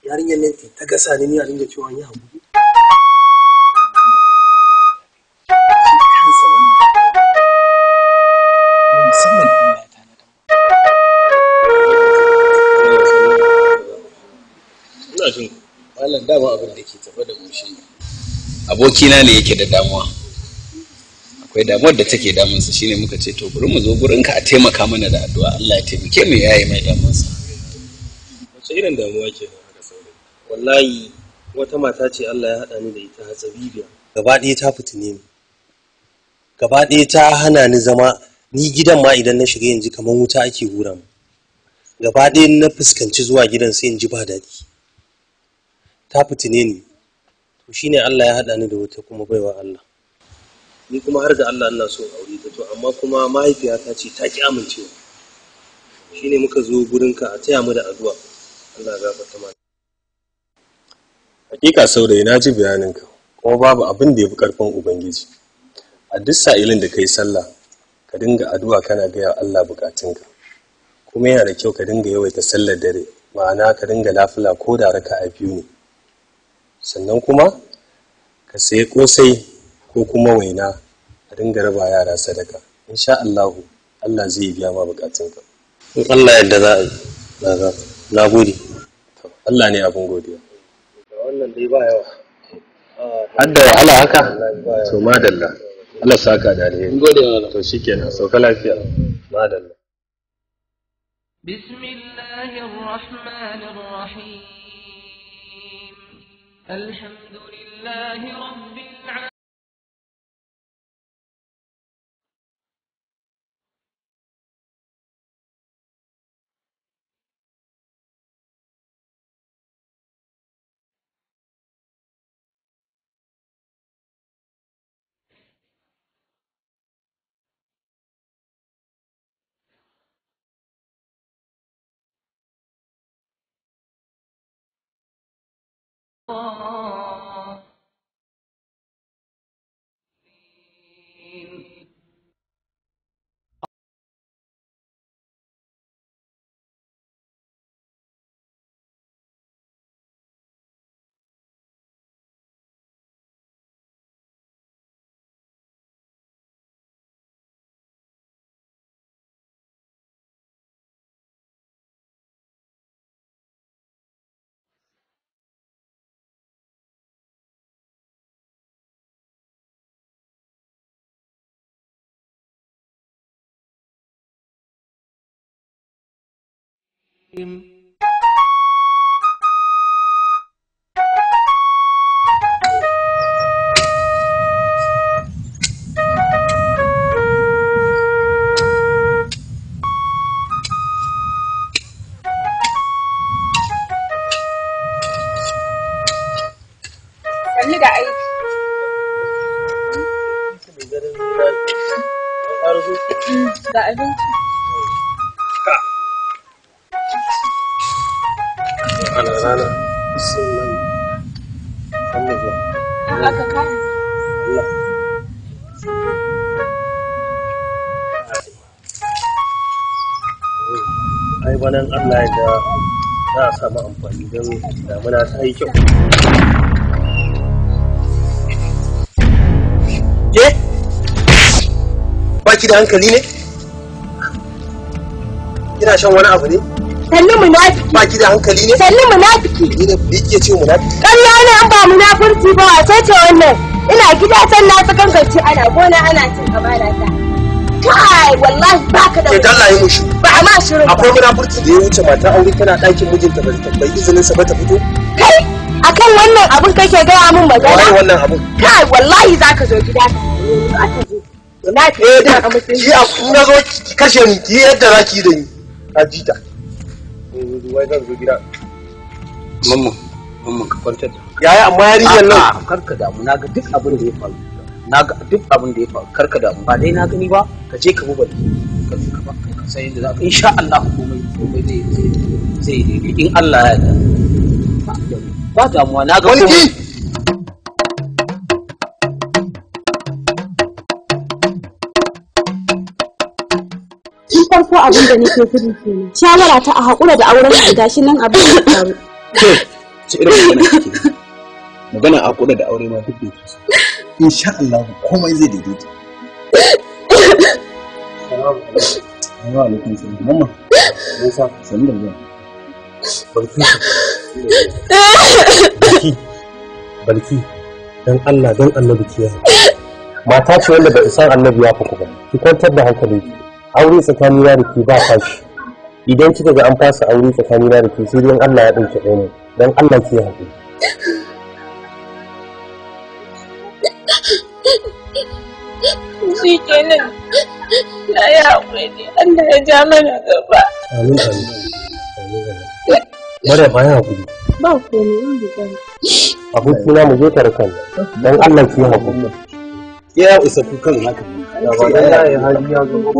yarinyar nan ta gasa ni a dinga cewa ya hakuri malam dama abin da ke tafa da abokina ne yake da damuwa akwai damuwar da take damunsa shine muka ce to bari mu zo gurinka a taimaka mana da addu'a Allah ya taimake mu yayi mai damunsa wace irin damuwa ke wallahi wata mata ce Allah ya haɗa ni da ita hatsabibiya gaba ɗaya ta fitine ni gaba ɗaya ta hana ni zama ni gidan ma idan na shiga yanzu kamar wuta ake hura mu gaba ɗaya na fuskanci zuwa gidan sai in ji ba daɗi ta fitine ni to shine Allah ya haɗa ni da wata kuma baiwa Allah ni kuma har da Allah ina so aure ta to amma kuma mahaifiyata ce ta ki amincewa shine muka zo gurinka a taya mu da addu'a Allah ya gafarta mana hakika saurayi na ji ka kuma babu abin da ya fi karfin ubangiji a duk sa'ilin da ka sallah ka dinga addu'a kana gaya Allah bukatunka kuma yana da kyau ka dinga yawaita sallar dare ma'ana ka dinga lafula ko da raka biyu ne sannan kuma ka sai kosai ko kuma waina a dinga raba yara sadaka insha Allahu Allah zai biya ma bukatunka in Allah yadda za a yi na gode Allah ne abin godiya wannan dai ba yawa har da wahala haka to madalla Allah saka da alheri gode wa to shikenan sauka lafiya madalla بسم الله الرحمن الرحيم الحمد لله رب العالمين 我。الرحيم damuna ta yi kyau ke da hankali ne kina shan wani abu ne sannu munafiki baki da hankali ne sannu munafiki ni da bi ke ce munafiki ƙarya ne an ba munafurci ba wace ce wannan ina gida can na tsakan kanci ana gona ana cin amana ta kai wallahi baka da mushi ba ma akwai da ya wuce mata aure tana ɗakin mijinta ba ta bai ba ta fito kai akan wannan abun kake gaya min wannan abun kai wallahi zaka zo gida ka eh, na da amince zo kashe ni ki yadda zaki da ni a jita wai ka kwantar da yaya amma yarinyar nan karka damu na ga duk abin da ya faru na ga duk abin da ya faru karka da ba dai na gani ba ka je ka bubal ka ka ka sai da zaka insha Allah komai komai zai zai zai in Allah ya yarda ba damuwa na ga komai farko abin da nake gudu kenan shawara ta a haƙura da auren da gashi nan abin da faru ce irin magana magana a haƙura da aure ma duk da so. insha Allah komai zai daidaita mata ce wanda ba san Annabi ya fuku ba ki kwantar da hankalinki aure tsakanin da ba fashi idan kika ga an fasa aure tsakanin yaro da ke sai dan Allah ya dauke mu dan Allah ke haƙuri shi kenan na yi haƙuri ne Allah ya ja mana gaba amin amin mara baya haƙuri ba komai yin bukari abokina mu je karkan don Allah ki haƙuri ya isa kukan haka ya ba ya yi hali ya zo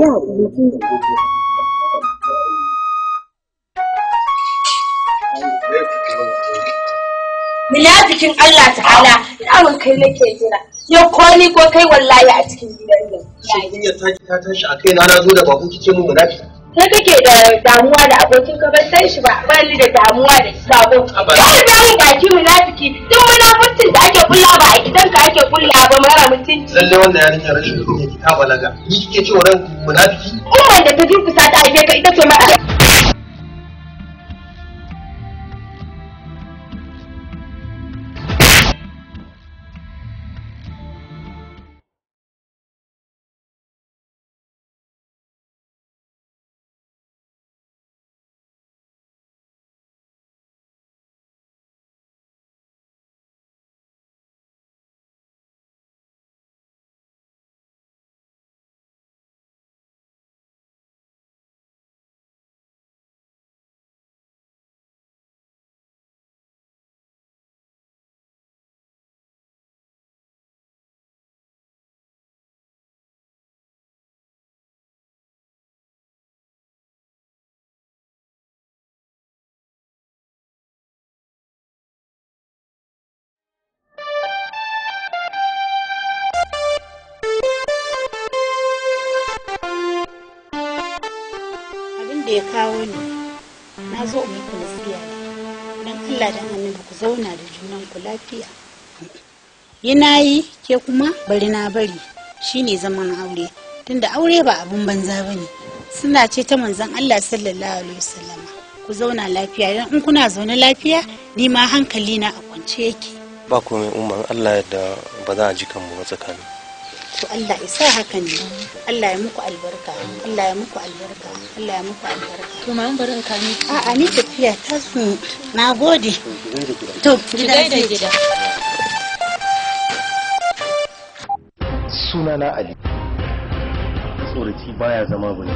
ina jikin Allah ta'ala ina kai nake jira ya koni ko kai wallahi a cikin gidan nan shin ya taki ta tashi a kai na na zo da babu kike mun munafi kai kake da damuwa da abokin ka ban san shi ba ba ni da damuwa da shi ba ko da mun baki munafiki duk munafurcin da ake kulla ba a gidan ka ake kulla ba mara mutunci lalle wannan yarinya rashin kunya ta balaga ni kike cewa ran munafiki umman da ta durkusa ta haife ka ita ce mara da ya kawo ni na zo in muku nasiya don allah da hannun ku zauna da junan ku lafiya yana yi ke kuma bari na bari shine zaman aure tunda aure ba abun banza ba ne suna ce ta manzon allah sallallahu alaihi wasallam ku zauna lafiya don in kuna zaune lafiya ni ma hankali na a kwance yake ba komai umar allah yadda ba za a ji kan ba tsakanin to Allah ya sa hakan ne Allah ya muku albarka Allah ya muku albarka Allah ya muku albarka to ma bari in kani a a ni tafiya ta su na gode to gida da gida na Ali tsoraci baya zama bane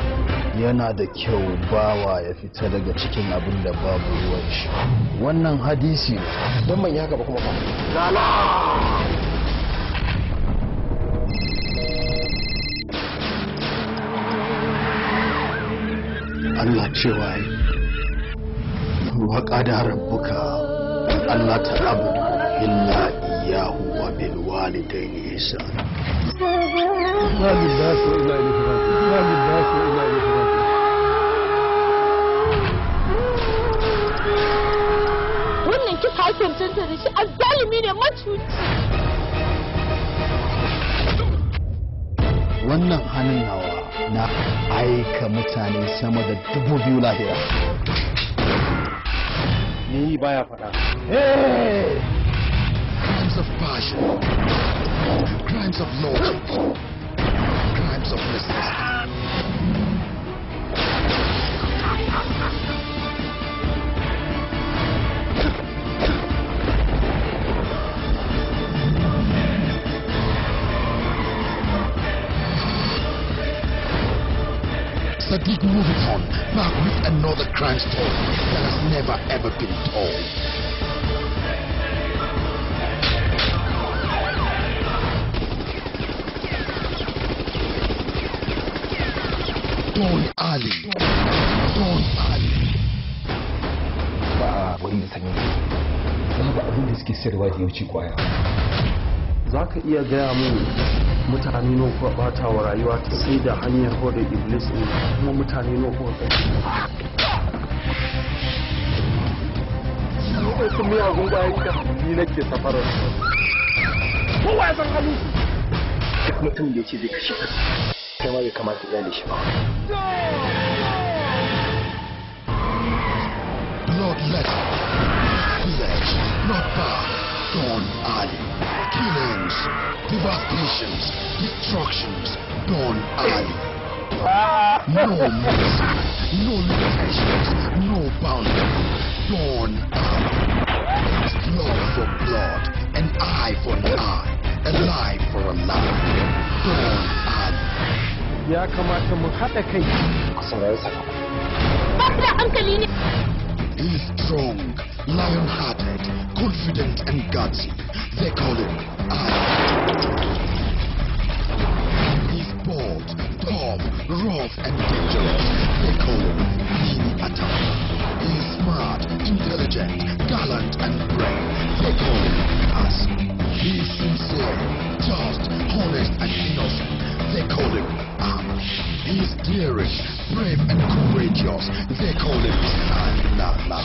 yana da kyau bawa ya fita daga cikin abin da babu ruwan shi wannan hadisi don man ya gaba kuma ba Allah cewa wa qada rabbuka Allah ta abu illa iyyahu wa bil walidayni ne ma lillahi wannan kisa ake cancanta da shi a zalimi ne macuci wannan hannun nawa na aika mutane sama da dubu biyu lahira ni baya faɗa crimes of passion crimes of love crimes of necessity. but keep moving on, back with another crime story that has never ever been told. Don Ali. Don Ali. Ba wurin da sanyi. Babu abin da suke sayarwa da ya wuce kwaya. Za ka iya gaya mun mutane nawa kuwa bata wa rayuwa ta sai da hanyar hoda iblis ne kuma mutane nawa kuka kai bayan ka ni nake san duk ya zai kashe ka kai ma kamata ya shi ba Lord let, let, not bad. Don Ali. Killings, devastations, destructions, done early. No mercy, no limitations, no boundaries. done early. Love for blood, an eye for an eye, a lie for a lie, done early. Ya kamata mu haɗa kai. Ku saurari sakamako. da hankali ne. He's strong, lion-hearted, confident and gutsy. They call him I. He's bold, tough, rough and dangerous. They call him Hinata. He's smart, intelligent, gallant and brave. They call him Asi. He's sincere, just, honest and innocent. They call him Anna. is daring, brave and courageous. They call him Anana.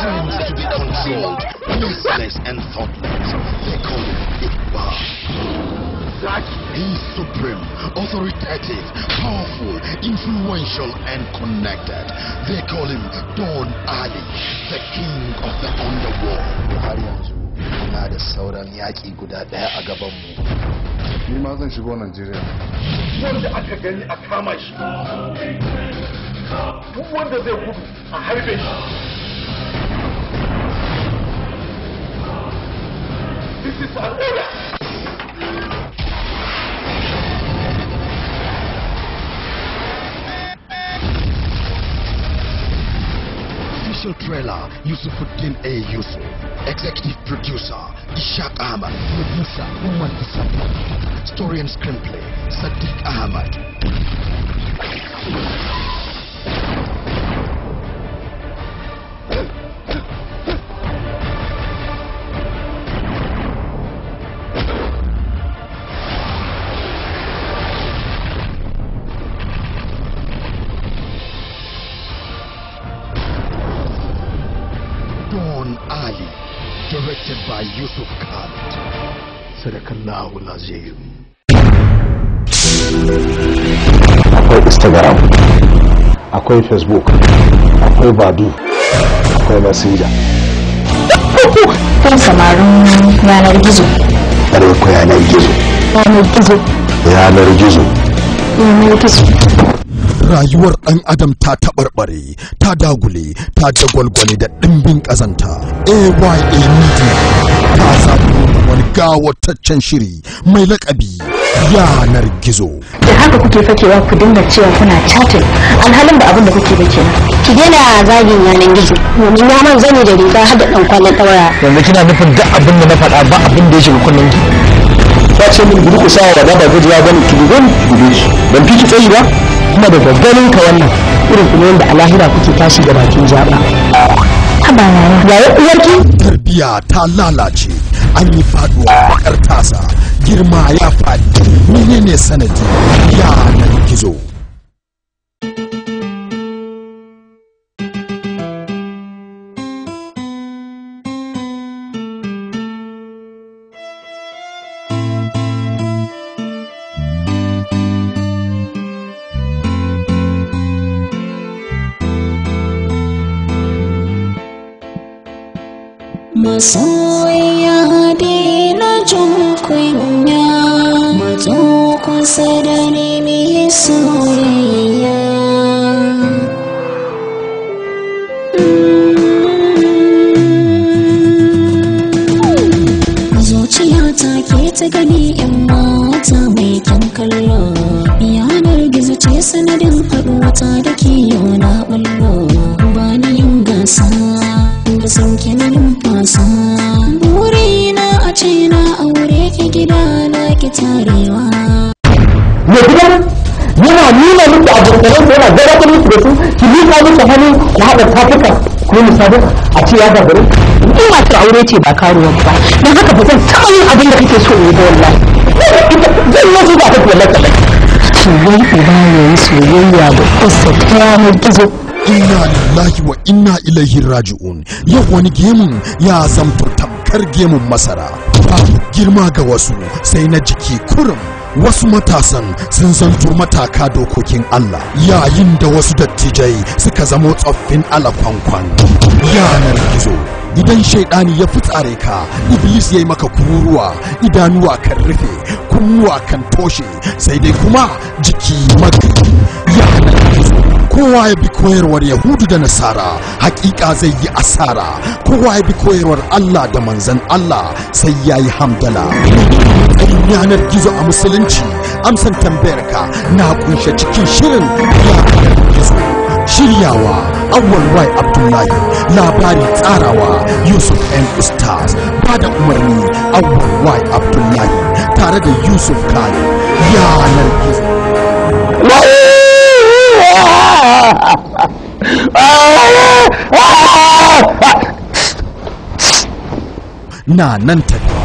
Dreams to be controlled, listless and thoughtless. They call him Iqbal. He's supreme, authoritative, powerful, influential, and connected. They call him Don Ali, the king of the underworld. muna da sauran yaƙi guda ɗaya a gabanmu ni ma zan shigo najeriya wanda aka gani a kama shi duk wanda zai gudu a harbe shi This is an order. Official trailer, Yusufuddin A. Yusuf. Executive producer, Ishaq Ahmad. Producer, Umar Isabel. Story and screenplay, Sadiq Ahmad. by Yusuf Khalid. Sadakallahu lazim. Akwai Instagram, akwai Facebook, akwai Badu, akwai Nasira. Kan samarin yanar gizo. Kare ku yanar gizo. Yanar gizo. Yanar gizo. Yanar gizo. rayuwar ɗan adam ta taɓarɓare ta dagule ta jagwalgwale da ɗimbin ƙazanta aya media ta zaɓi wani gawataccen shiri mai laƙabi yanar gizo da haka kuke fakewa ku dinga cewa kuna chatin alhalin da abin da kuke ba kenan ki daina zagin yanar gizo domin ya man zani da riga har da ɗan kwallon ɗaura yanzu kina nufin duk abin da na faɗa ba abin da ya shiga kullum ki ta ce min gudu ku sa wa ba da gudu ya gani ki gudu ban fi ki tsayi ba kuma daga ganin ka wannan irin kuma yadda a lahira kuke tashi da bakin jaba uwarki tarbiya ta lalace an yi faduwa bakar tasa girma ya faɗi menene sanadi ya nan gizo masoya dai na jin kunya matso kusa da da tafika ko misali a ce ya gagare in ta aure ce ba karuwa ba dan haka ba zan taɓa abin da kake so ne yi ba wallahi zan yi zuwa ta kuwa lakala shi wai uba ya yi soyayya da kusa ta mu gizo inna lillahi wa inna ilaihi raji'un yau wani gemun ya zamto tamkar gemun masara girma ga wasu sai na jiki kurum wasu matasan sun zanto mataka dokokin Allah yayin da wasu dattijai suka zamo tsoffin alakwankwan yanar gizo idan shaidani ya fi tsare ka iblis ya yi maka kururuwa idanuwa kan rufe kunnuwa kan toshe sai dai kuma jiki magri yanar gizo kowa ya bi koyarwar yahudu da nasara hakika zai yi asara kowa ya bi koyarwar allah da manzan allah sai ya yi hamdala yanar gizo a musulunci amsan tambayarka na kunshe cikin shirin yanar gizo shiryawa awwal wai abdullahi labari tsarawa yusuf m ustaz ba da umarni awwal wai abdullahi tare da yusuf kani yanar gizo na nan tafiya